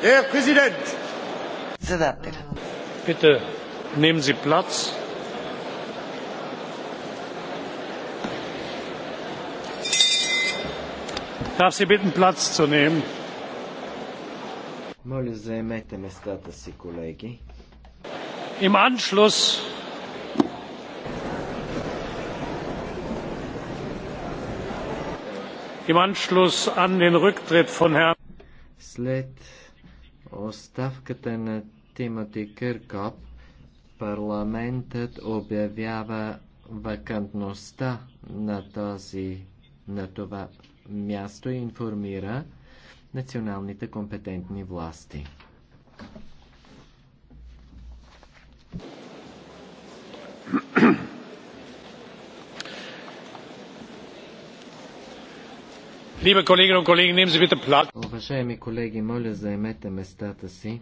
Herr Präsident! Bitte nehmen Sie Platz. Ich Darf Sie bitten, Platz zu nehmen? Im Anschluss Im Anschluss an den Rücktritt von Herrn След оставката на Тимоти Къркоп, парламентът обявява вакантността на, този, на това място и информира националните компетентни власти. Liebe Kolleginnen und Kollegen, nehmen Sie bitte Platz. Уважаеми колеги, моля заемете местата си.